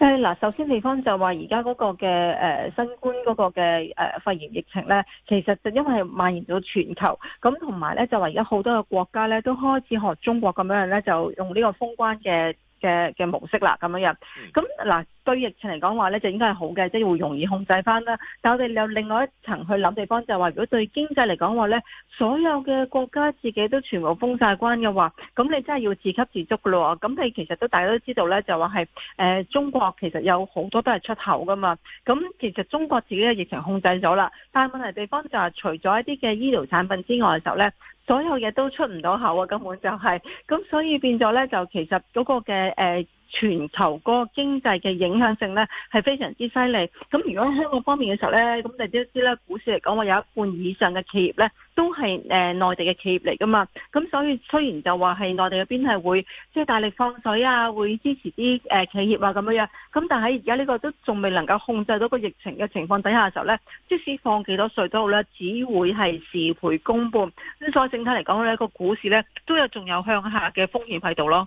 誒，嗱，首先地方就話而家嗰個嘅誒、呃、新冠個嘅誒、呃、肺炎疫情咧，其實就因為蔓延到全球，咁同埋咧就話而家好多嘅國家咧都開始學中國咁樣咧，就用呢個封關嘅。嘅嘅模式、嗯、啦，咁樣樣，咁嗱對疫情嚟講話咧，就應該係好嘅，即係會容易控制翻啦。但係我哋有另外一層去諗地方就，就係話如果對經濟嚟講話咧，所有嘅國家自己都全部封晒關嘅話，咁你真係要自給自足噶咯。咁你其實都大家都知道咧，就話係誒中國其實有好多都係出口噶嘛。咁其實中國自己嘅疫情控制咗啦，但係問題地方就係除咗一啲嘅醫療產品之外嘅時候咧。所有嘢都出唔到口啊！根本就係、是、咁，所以變咗咧，就其實嗰個嘅誒。呃全球個經濟嘅影響性咧係非常之犀利，咁如果喺香港方面嘅時候咧，咁大家都知道咧，股市嚟講話有一半以上嘅企業咧都係誒內地嘅企業嚟㗎嘛，咁所以雖然就話係內地嗰邊係會即係、就是、大力放水啊，會支持啲誒企業啊咁樣，咁但係而家呢個都仲未能夠控制到個疫情嘅情況底下嘅時候咧，即使放幾多水都好咧，只會係事倍功半，咁所以整體嚟講咧，個股市咧都有仲有向下嘅風險喺度咯。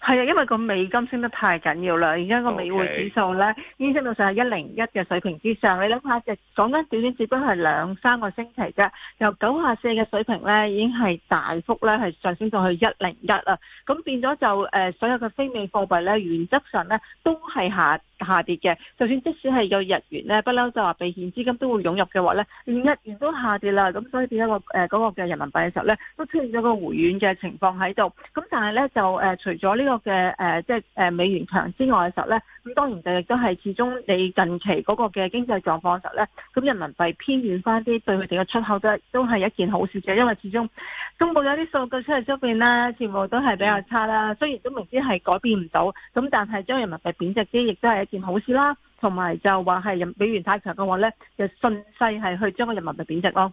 係啊，因為個美金升得太緊要啦，而家個美匯指數咧已經升到上係一零一嘅水平之上。你諗下，即係講緊短短，只不過係兩三個星期啫，由九十四嘅水平咧，已經係大幅咧係上升到去一零一啦。咁變咗就誒、呃，所有嘅非美貨幣咧，原則上咧都係下。下跌嘅，就算即使係有日元咧，不嬲就話避險資金都會湧入嘅話咧，連日元都下跌啦，咁所以變、這、咗個誒、嗰個嘅人民幣嘅時候咧，都出現咗個回軟嘅情況喺度。咁但係咧就誒、呃、除咗呢、呢個嘅誒、呃、即係誒美元強之外嘅時候咧，咁當然就亦都係始終你近期嗰個嘅經濟狀況嘅時候咧，咁人民幣偏軟翻啲，對佢哋嘅出口都都係一件好事嘅，因為始終。公布咗啲數據出嚟，出邊啦，全部都係比較差啦。雖然都明知係改變唔到，咁但係將人民幣貶值啲，亦都係一件好事啦。同埋就話係美元太強嘅話咧，就順勢係去將個人民幣貶值咯。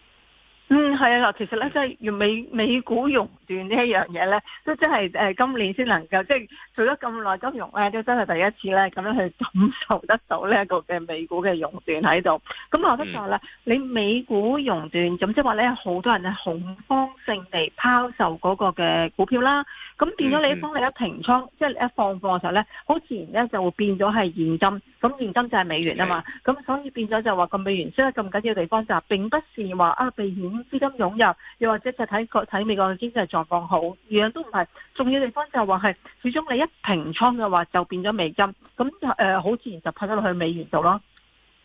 嗯，係啊，嗱，其實咧，即係美美股熔斷呢一樣嘢咧，都真係誒，今年先能夠即係做咗咁耐金融咧，都真係第一次咧，咁樣去感受得到呢一個嘅美股嘅熔斷喺度。咁我咧就話咧，嗯、你美股熔斷，咁即係話咧，好多人係恐慌性地拋售嗰個嘅股票啦。咁變咗你當你一平倉，即係一放貨嘅時候咧，好自然咧就會變咗係現金。咁現金就係美元啊嘛。咁的所以變咗就話個美元，所以咁緊要嘅地方就是，並不是話啊避險。資金湧入，又或者就睇國睇美國嘅經濟狀況好，樣樣都唔係重要地方，就係話係，始終你一平倉嘅話就變咗美金，咁誒，好、呃、自然就派翻落去美元度咯。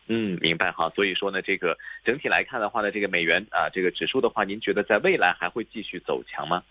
嗯，明白哈。所以說呢，這個整體來看嘅話呢，這個美元啊，這個指數嘅話，您覺得在未來還會繼續走強嗎？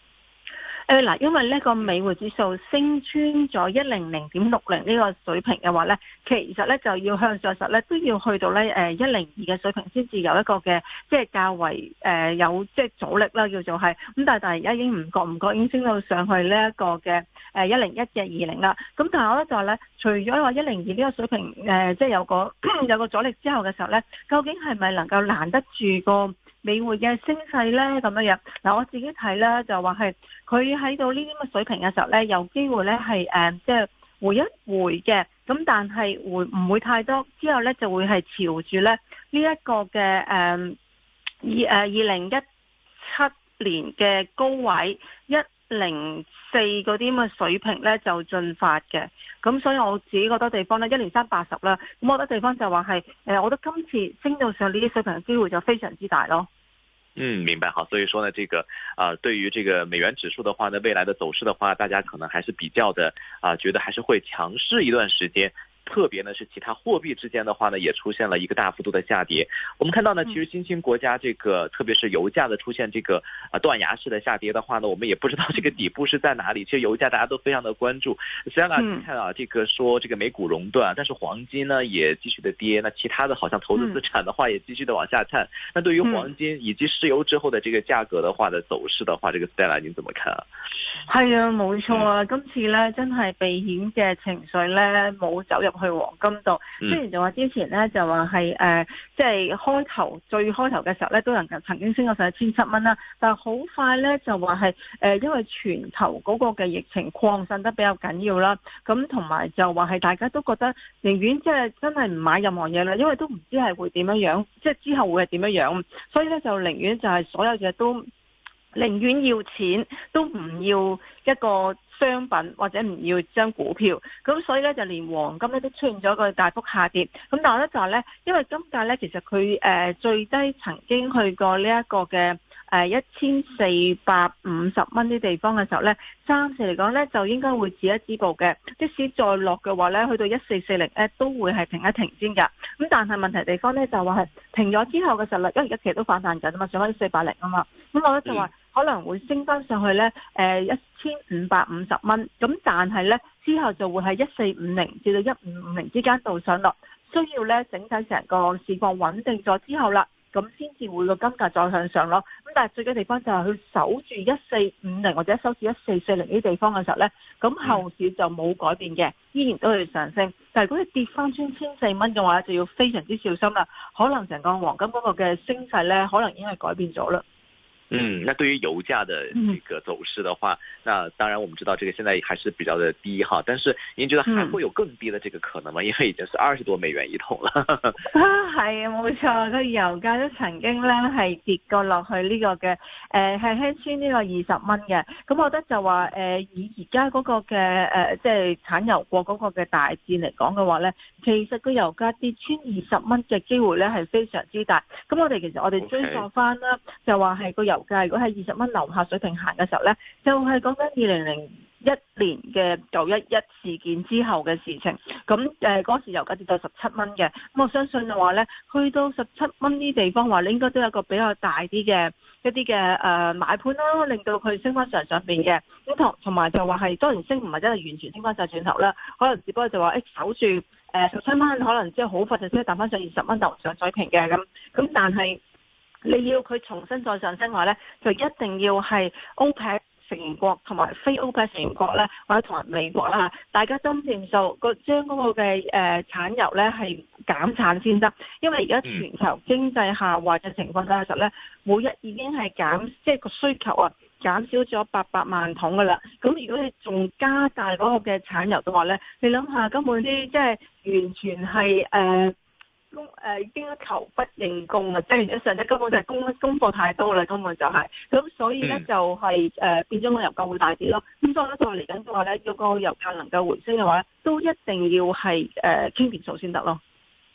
誒嗱，因為呢個美匯指數升穿咗一零零點六零呢個水平嘅話咧，其實咧就要向上實咧都要去到咧誒一零二嘅水平先至有一個嘅即係較為誒、呃、有即係阻力啦，叫做係咁。但係但係而家已經唔覺唔覺已經升到上去，呃、呢一個嘅誒一零一嘅二零啦。咁但係我咧就話咧，除咗話一零二呢個水平誒即係有個 有個阻力之後嘅時候咧，究竟係咪能夠攔得住個？美匯嘅升勢咧咁樣樣，嗱我自己睇咧就話係佢喺到呢啲咁嘅水平嘅時候咧，有機會咧係誒，即、呃、係、就係、回一回嘅，咁但係回唔會太多，之後咧就會係朝住咧呢一、這個嘅誒二誒二零一七年嘅高位一零四嗰啲咁嘅水平咧就進發嘅，咁所以我自己覺得地方咧一年三八十啦，咁我覺得地方就話係誒，我覺得今次升到上呢啲水平嘅機會就非常之大咯。嗯，明白。好，所以說呢，這個啊、呃，對於這個美元指數的話呢，未來的走勢的話，大家可能還是比較的啊、呃，覺得還是會強勢一段時間。特別呢是其他貨幣之間的話呢，也出現了一個大幅度的下跌。我們看到呢，其實新興國家這個，特別是油價的出現這個啊斷崖式的下跌的話呢，我們也不知道這個底部是在哪裏。其實油價大家都非常的關注。Sara，你看啊，這個說這個美股熔斷，但是黃金呢也繼續的跌，那其他的好像投資資產的話也繼續的往下探。那對於黃金以及石油之後的這個價格的話的走勢的話，這個 Sara 你怎麼看？係啊，冇錯啊，啊，今次呢，真係避險嘅情緒咧冇走入。去黃金度，嗯、雖然就話之前咧就話係誒，即、呃、係、就是、開頭最開頭嘅時候咧都能夠曾經升過上一千七蚊啦，但係好快咧就話係誒，因為全球嗰個嘅疫情擴散得比較緊要啦，咁同埋就話係大家都覺得寧願即係真係唔買任何嘢啦，因為都唔知係會點樣樣，即、就、係、是、之後會係點樣樣，所以咧就寧願就係所有嘢都寧願要錢，都唔要一個商品或者唔要將股票，咁所以咧就連黃金咧都出現咗個大幅下跌。咁但係咧就係咧，因為金價咧其實佢誒、呃、最低曾經去過呢一個嘅誒一千四百五十蚊啲地方嘅時候咧，暫時嚟講咧就應該會止一止步嘅。即使再落嘅話咧，去到一四四零咧都會係停一停先㗎。咁但係問題地方咧就係話係停咗之後嘅實力，因為而家其實都反彈緊啊嘛，上翻啲四百零啊嘛。咁我咧就話。可能會升翻上去呢，誒一千五百五十蚊，咁但係呢，之後就會喺一四五零至到一五五零之間度上落，需要呢，整體成個市況穩定咗之後啦，咁先至會個金價再向上咯。咁但係最緊要地方就係佢守住一四五零或者守住一四四零呢地方嘅時候呢，咁後市就冇改變嘅，依然都係上升。但係如果跌翻穿千四蚊嘅話，就要非常之小心啦。可能成個黃金嗰個嘅升勢呢，可能已經係改變咗啦。嗯，那對於油價的這個走勢的話，嗯、那當然我們知道，這個現在還是比較的低哈。但是您覺得還會有更低的這個可能嗎？因為已經是二十多美元一桶了、嗯。啊， 係啊，冇錯，個油價都曾經呢係跌過落去呢個嘅，誒、呃，係跌穿呢個二十蚊嘅。咁我覺得就話，誒、呃，以而家嗰個嘅，誒、呃，即、就、係、是、產油國嗰個嘅大戰嚟講嘅話呢，其實個油價跌穿二十蚊嘅機會呢係非常之大。咁我哋其實我哋追溯翻啦，Okay. 就話係個油。如果係二十蚊樓下水平行嘅時候呢，就係講緊二零零一年嘅九一一事件之後嘅事情。咁誒，嗰、呃、時油價跌到十七蚊嘅。咁我相信嘅話呢，去到十七蚊呢地方話，話你應該都有一個比較大啲嘅一啲嘅誒買盤啦，令到佢升翻上升上邊嘅。咁同同埋就話係當然升唔係真係完全升翻上轉頭啦，可能只不過就話誒、欸、守住誒十七蚊，呃、可能之後好快就真係彈翻上二十蚊樓上水平嘅咁。咁但係。你要佢重新再上升嘅話咧，就一定要係 OPEC 成員國同埋非 OPEC 成員國咧，或者同埋美國啦，大家都認數個將嗰個嘅誒產油咧係減產先得，因為而家全球經濟下滑嘅情況底下嘅時候咧，每日已經係減即係、就是、個需求啊減少咗八百萬桶㗎喇。咁如果你仲加大嗰個嘅產油嘅話咧，你諗下根本啲即係完全係誒。呃供誒要求不應供啊，即係上一根本就係供供貨太多啦，根本就係、是、咁、就是呃嗯，所以咧就係誒變咗個油價會大啲咯。咁再再嚟緊嘅話咧，如果個油價能夠回升嘅話，都一定要係誒傾件數先得咯。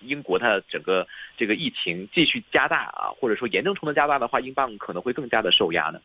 英國它整個這個疫情繼續加大啊，或者說嚴重程度加大的話，英鎊可能會更加的受壓呢。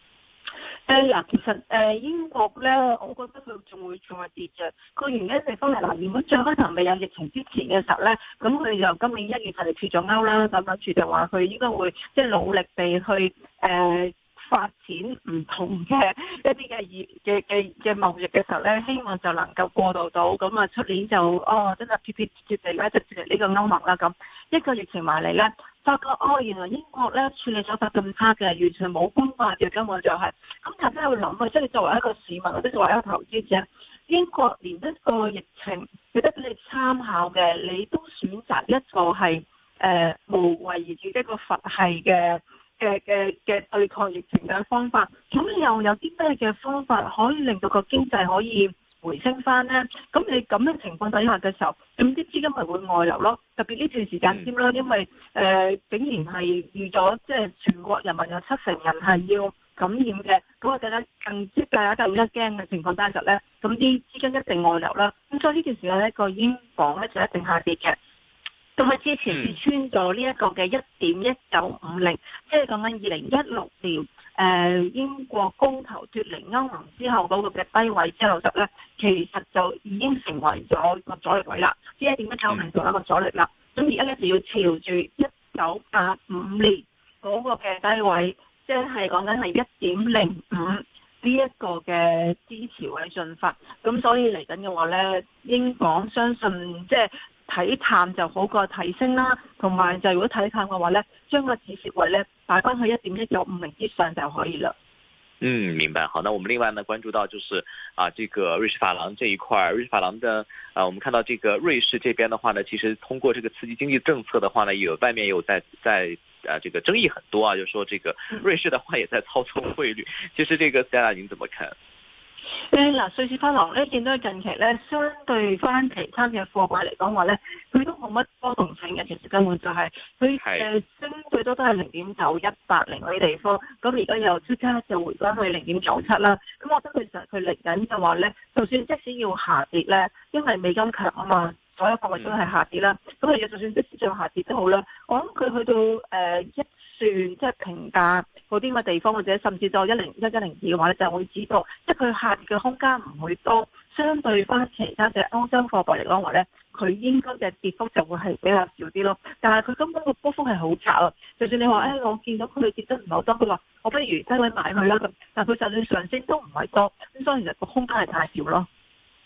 誒、哎，其實，誒、呃，英國咧，我覺得佢仲會再跌嘅。個原因嚟講咧，嗱，原本最開頭未有疫情之前嘅時候咧，咁佢就今年一月份，嗯、就脫咗歐啦，咁樣，諗住就話佢應該會即係努力地去誒。呃發展唔同嘅一啲嘅業嘅嘅嘅貿易嘅時候咧，希望就能夠過渡到咁啊！出年就哦，真係撇撇撇地啦，直接呢個歐盟啦咁，一個疫情埋嚟咧，發覺哦，原來英國咧處理手法咁差嘅，完全冇官法嘅，根本就係、是、咁大家會諗啊，即係作為一個市民或者作為一個投資者，英國連一個疫情有得俾你參考嘅，你都選擇一個係誒、呃、無為而治一個佛系嘅。嘅嘅嘅對抗疫情嘅方法，咁又有啲咩嘅方法可以令到個經濟可以回升翻咧？咁你咁嘅情況底下嘅時候，咁啲資金咪會外流咯，特別呢段時間添啦，因為誒、呃、竟然係預咗即係全國人民有七成人係要感染嘅，咁我更加更即係更加驚嘅情況底下嘅咧，咁啲資金一定外流啦。咁所以呢段時間咧個英鎊咧就一定下跌嘅。咁佢、嗯、之前跌穿咗呢一個嘅一點一九五零，即係講緊二零一六年，誒、呃、英國公投脫離歐盟之後嗰、那個嘅低位之後級咧，其實就已經成為咗個阻力位啦。即係點樣睇明做一個阻力啦？咁而家咧就要朝住一九八五年嗰、那個嘅低位，即係講緊係一點零五呢一個嘅支持位進發。咁所以嚟緊嘅話咧，英港相信即係。睇淡就好過提升啦，同埋就如果睇淡嘅話咧，將個止蝕位咧擺返去一點一九五零之上就可以啦。嗯，明白。好，那我們另外呢關注到就是啊，這個瑞士法郎這一塊，瑞士法郎的啊，我們看到這個瑞士這邊的話呢，其實通過這個刺激經濟政策的話呢，有外面有在在啊這個爭議很多啊，就是、說這個瑞士的話也在操縱匯率。其實這個，Sarah，您怎麼看？誒、嗱、嗯，瑞士法郎咧，見到近期咧，相對翻其他嘅貨幣嚟講話咧，佢都冇乜波動性嘅，其實根本就係佢誒升最多都係零點九一八零嗰啲地方，咁而家又即刻就回翻去零點九七啦。咁、嗯嗯嗯嗯嗯、我覺得其實佢嚟緊就話咧，就算即使要下跌咧，因為美金強啊嘛，所有貨幣都係下跌啦。咁佢就算即使再下跌都好啦，我諗佢去到誒一。呃即係評價嗰啲乜地方，或者甚至到一零一一零二嘅話咧，就會知道，即係佢下跌嘅空間唔會多。相對翻其他嘅歐洲貨幣嚟講話咧，佢應該嘅跌幅就會係比較少啲咯。但係佢根本個波幅係好窄啊！就算你話誒、哎，我見到佢跌得唔係好多，佢話我不如低位買佢啦咁，但係佢就算上升都唔係多，咁所以其實個空間係太少咯。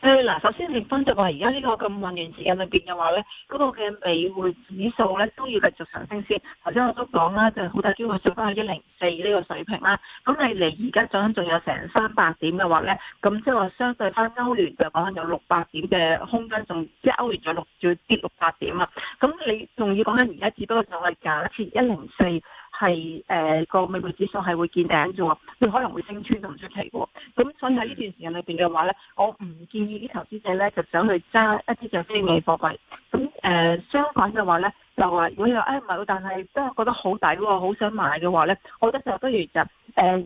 誒，嗱，首先你分析話，而家呢個咁混亂時間裏邊嘅話咧，嗰個嘅美匯指數咧都要繼續上升先。頭先我都講啦，就係好大機會上翻去一零四呢個水平啦。咁你嚟,而家講緊，仲有成三百點嘅話咧，咁即係話相對翻歐元就講緊有六百點嘅空間，仲即係歐元再六再跌六百點啊。咁你仲要講緊而家，只不過就係假設一零四。係誒、呃、個美匯指數係會見頂啫，佢可能會升穿都唔出奇喎。咁所以喺呢段時間裏邊嘅話咧，我唔建議啲投資者咧就想去揸一啲嘅非美貨幣。咁誒、呃、相反嘅話咧，就話如果你話誒唔係，但係都覺得好抵喎，好想買嘅話咧，我覺得就不如就誒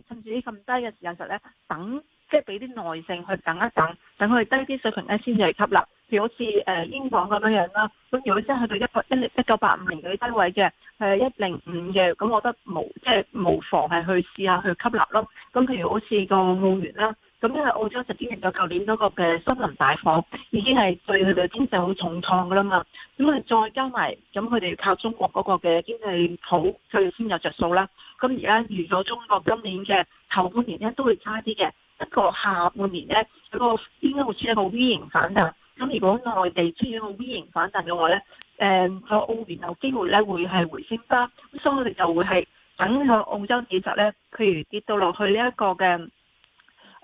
趁住啲咁低嘅時限實咧，等即係俾啲耐性去等一等，等佢低啲水平咧先至再吸納。好似誒英鎊咁樣樣啦，咁如果真係去到一八一一九八五年嘅低位嘅，誒一零五嘅，咁我覺得無即係無妨係去試下去吸納咯。咁譬如好似個澳元啦，咁因為澳洲曾經就舊年嗰個嘅森林大火已經係對佢哋經濟好重創噶啦嘛，咁啊再加埋咁佢哋靠中國嗰個嘅經濟好，佢哋先有着數啦。咁而家預咗中國今年嘅頭半年咧都會差啲嘅，不過下半年咧嗰個應該會出現一個 V 型反彈。咁如果內地出現個 V 型反彈嘅話咧，誒、呃、個澳元有機會咧會係回升翻，咁所以我哋就會係等個澳洲指實咧，譬如跌到落去呢一個嘅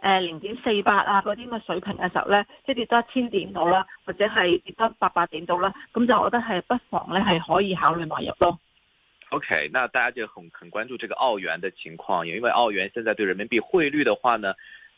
誒零點四八啊嗰啲咁嘅水平嘅時候咧，即係跌多一千點到啦，或者係跌多八百點到啦，咁就我覺得係不妨咧係可以考慮買入咯。OK，那大家就很很關注這個澳元嘅情況，因為澳元現在對人民幣匯率嘅話呢？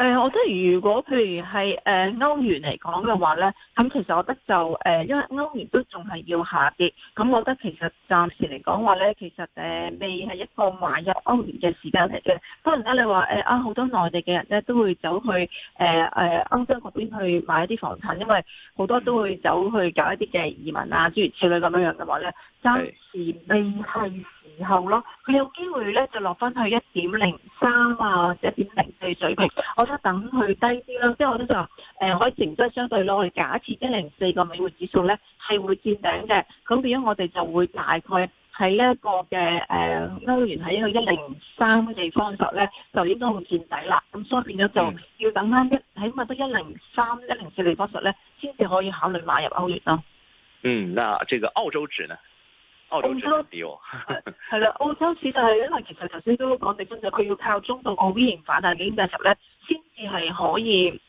誒、呃，我覺得如果譬如係誒、呃、歐元嚟講嘅話咧，咁其實我覺得就誒、呃，因為歐元都仲係要下跌，咁我覺得其實暫時嚟講話咧，其實誒、呃、未係一個買入歐元嘅時間嚟嘅。當然你話誒、呃、啊，好多內地嘅人咧都會走去誒誒、呃、歐洲嗰邊去買一啲房產，因為好多都會走去搞一啲嘅移民啊，諸如此類咁樣樣嘅話咧，暫時未係。後咯，佢有機會咧就落翻去一點零三啊，或者一點零四水平，我覺得等佢低啲啦。即係我得就誒，可以整體相對咯。我哋假設一零四個美元指數咧係會見頂嘅，咁變咗我哋就會大概喺一個嘅誒歐元喺一個一零三嘅方實咧就應該會見底啦。咁所以變咗就要等啱一起碼得一零三一零四嘅方實咧先至可以考慮買入歐元咯。嗯，嗱，這個澳洲指呢？澳洲係啦、 啊，澳洲市就係、是、因為其實頭先都講，地盤就佢、是、要靠中度個 V 型化大，但係嘅時候咧，先至係可以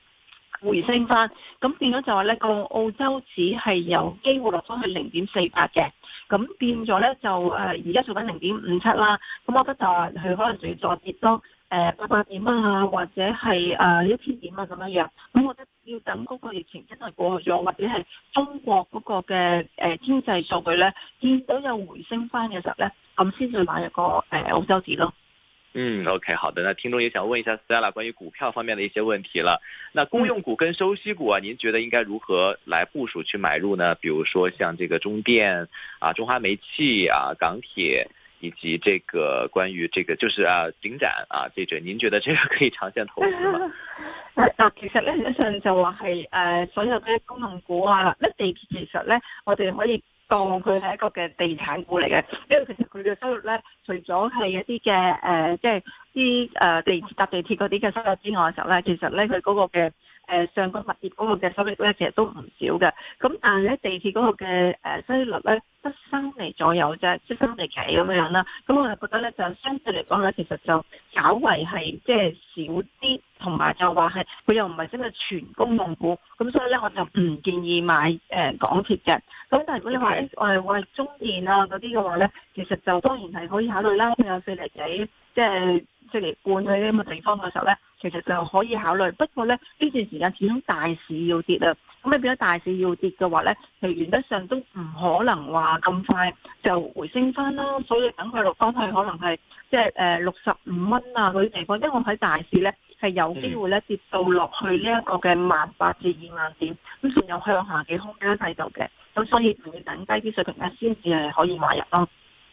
回升翻。咁變咗就話呢個澳洲指係有機會落翻去零點四八嘅，咁變咗咧就誒，而、呃、家做緊零點五七啦。咁我覺得就係佢可能仲要再跌多。誒，八百點啊，或者係誒一千點啊咁樣樣，咁我覺得要等嗰個疫情真係過去咗，或者係中國嗰個嘅誒經濟數據咧見到有回升翻嘅時候咧，咁先至買一個誒澳洲紙咯。嗯，OK，好的，那聽眾也想問一下 Stella 關於股票方面的一些問題啦。那公用股跟收息股啊，您覺得應該如何來部署去買入呢？比如說像這個中電啊、中華煤氣啊、港鐵。以及這個關於這個就是啊景展啊這者、個，您覺得這個可以長線投資嗎？啊， 其實咧，以上就話係誒所有啲公用股啊，咧地鐵其實咧，我哋可以當佢係一個嘅地產股嚟嘅，因為其實佢嘅收入咧，除咗係一啲嘅誒，即係啲誒地鐵搭地鐵嗰啲嘅收入之外嘅時候咧，其實咧佢嗰個嘅。誒上個物業嗰個嘅收益咧，其實都唔少嘅。咁但係咧，地鐵嗰個嘅誒收益率咧，得三厘左右啫，即三厘幾咁樣啦。咁我就覺得咧，就相對嚟講咧，其實就稍為係即係少啲，同埋就話係佢又唔係真係全公用股。咁所以咧，我就唔建議買誒、呃、港鐵嘅。咁但係如果你話誒我係中電啊嗰啲嘅話咧，其實就當然係可以考慮啦。佢有四厘幾，即、就、係、是。即嚟灌佢啲咁嘅地方嘅時候咧，其實就可以考慮。不過咧，呢段時間始終大市要跌啊，咁你變咗大市要跌嘅話咧，其實原則上都唔可能話咁快就回升翻啦。所以等佢落翻去可能係即係誒六十五蚊啊嗰啲地方，因為我睇大市咧係有機會咧跌到落去呢一個嘅萬八至二萬點，咁仲有向下嘅空間喺度嘅，咁所以唔要等低啲水平壓先至係可以買入咯。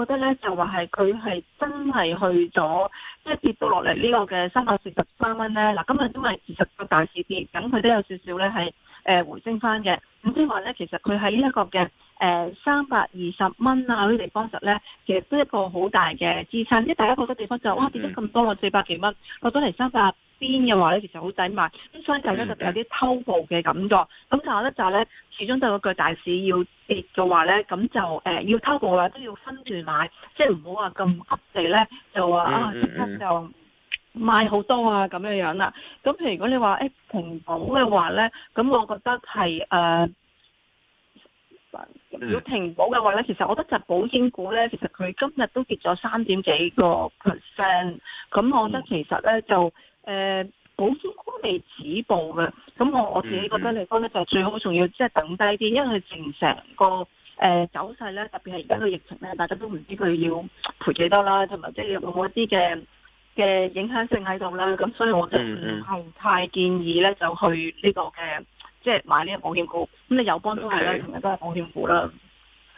覺得咧就話係佢係真係去咗，即係跌到落嚟呢個嘅三百四十三蚊咧。嗱， 今日都係二十個大市跌，咁佢都有少少咧係誒回升翻嘅。咁即係話咧，其實佢喺呢一個嘅誒三百二十蚊啊啲地方實咧，其實都一個好大嘅支撐。即係大家好多地方就哇跌咗咁多啊，四百幾蚊落咗嚟三百。邊嘅話咧，其實好抵買，所以就咧就有啲偷步嘅感覺。咁但係我咧就咧，始終都係嗰句大市要跌嘅話咧，咁就誒、呃、要偷步嘅話都要分段買，即係唔好話咁急地咧就話啊即刻就買好多啊咁樣樣啦。咁譬如如果你話誒、欸、平保嘅話咧，咁我覺得係誒、呃、要平保嘅話咧，其實我覺得就保險股咧，其實佢今日都跌咗三點幾個 percent。咁我覺得其實咧就。誒，嗯、 保險股未止步嘅，咁我我自己覺得嚟方咧，就係、最好仲要即係、就是、等低啲，因為成成個誒、呃、走勢咧，特別係而家個疫情咧，大家都唔知佢要賠幾多啦，同埋即係有冇一啲嘅嘅影響性喺度啦，咁所以我就唔係太建議咧，就去呢個嘅即係買呢個保險股，咁你友邦都係咧，Okay. 同樣都係保險股啦。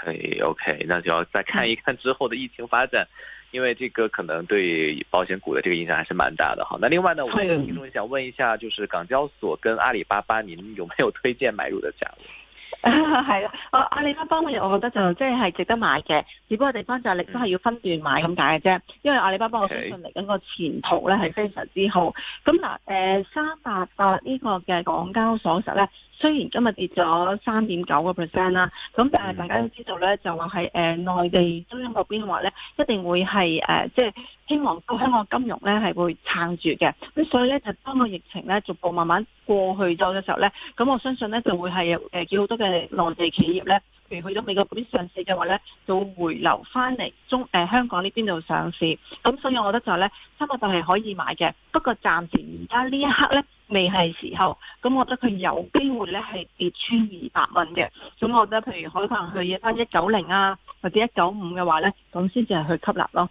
係 okay. OK，那就要再看一看之後嘅疫情發展。 因為這個可能對保險股的這個影響還是蠻大的，好。那另外呢，我個聽眾想問一下，就是港交所跟阿里巴巴，您有沒有推薦買入的價位？係啦，阿、 啊、阿里巴巴嘅，我覺得就即係值得買嘅，只不過地方就你都係要分段買咁解嘅啫。因為阿里巴巴我相信嚟緊個前途咧係非常之好。咁嗱，誒、呃，三八八呢個嘅港交所實咧，雖然今日跌咗三點九個 percent 啦，咁、啊、但係大家都知道咧，就話係誒內地中央嗰邊嘅話咧，一定會係誒、呃、即係。希望都香港金融咧係會撐住嘅，咁所以咧就當個疫情咧逐步慢慢過去咗嘅時候咧，咁我相信咧就會係誒叫好多嘅內地企業咧，譬如去咗美國嗰邊上市嘅話咧，就會回流翻嚟中誒、呃、香港呢邊度上市，咁所以我覺得就係咧，差唔多就係可以買嘅，不過暫時而家呢一刻咧未係時候，咁我覺得佢有機會咧係跌穿二百蚊嘅，咁我覺得譬如可能去翻一九零啊或者一九五嘅話咧，咁先至係去吸納咯。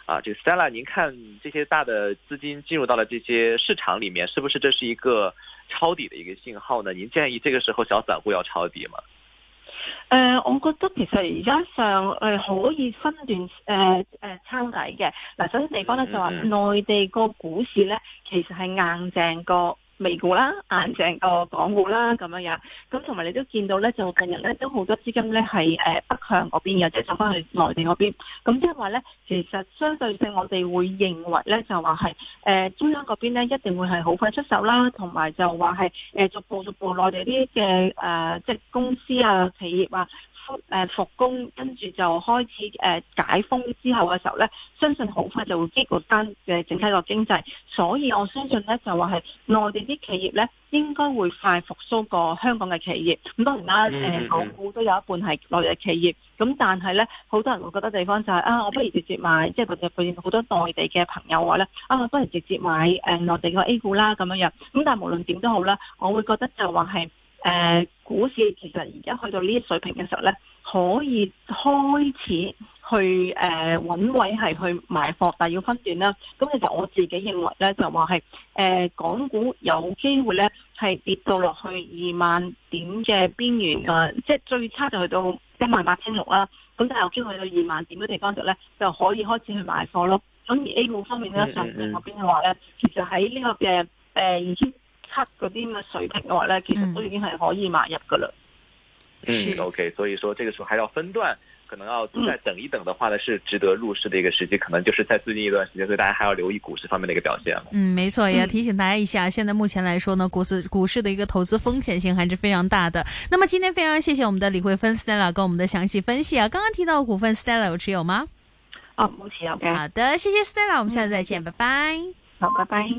啊，就、這個、Stella，您看這些大的資金進入到了這些市場裏面，是不是這是一個抄底的一個信號呢？您建議這個時候小散戶要抄底嗎？誒、呃，我覺得其實而家上誒可以分段誒誒抄底嘅。嗱，首先地方咧，就話內地個股市咧，其實係硬淨個。美股啦、硬淨個港股啦咁樣樣，咁同埋你都見到咧，就近日咧都好多資金咧係誒北向嗰邊，有即係走翻去內地嗰邊。咁即係話咧，其實相對性，我哋會認為咧，就話係誒中央嗰邊咧一定會係好快出手啦，同埋就話係誒逐步逐步內地啲嘅誒即係公司啊、企業啊。復誒復工，跟住就開始誒解封之後嘅時候咧，相信好快就會激活翻嘅整體個經濟，所以我相信咧就話係內地啲企業咧應該會快復甦過香港嘅企業。咁當然啦，誒港股都有一半係內地企業，咁但係咧好多人會覺得地方就係啊，我不如直接買，即係或者佢好多內地嘅朋友話咧啊，我不如直接買誒內地個 A 股啦咁樣樣。咁但係無論點都好啦，我會覺得就話係。誒、呃，股市其實而家去到呢啲水平嘅時候咧，可以開始去誒揾、呃、位係去買貨，但係要分段啦。咁其實我自己認為咧，就話係誒港股有機會咧係跌到落去二萬點嘅邊緣啊，即係最差就去到一萬八千六啦。咁但係有機會去到二萬點嘅地方度咧，就可以開始去買貨咯。咁而 A 股方面咧，上證嗰邊嘅話咧，其實喺呢、這個嘅誒、呃七嗰啲咁嘅水平嘅話呢，其實都已經係可以買入噶啦。嗯，OK，所以說這個時候還要分段，可能要再等一等的話呢，是值得入市的一個時機，可能就是在最近一段時間，所以大家還要留意股市方面的一個表現。嗯，沒錯，也要提醒大家一下，嗯、現在目前來說呢，股市股市的一個投資風險性還是非常大的。那麼今天非常謝謝我們的李慧芬 Stella，跟我們的詳細分析啊。剛剛提到股份 Stella 有持有嗎？哦，冇持有嘅。好的，謝謝 Stella，我們下次再見，拜拜。好，拜拜。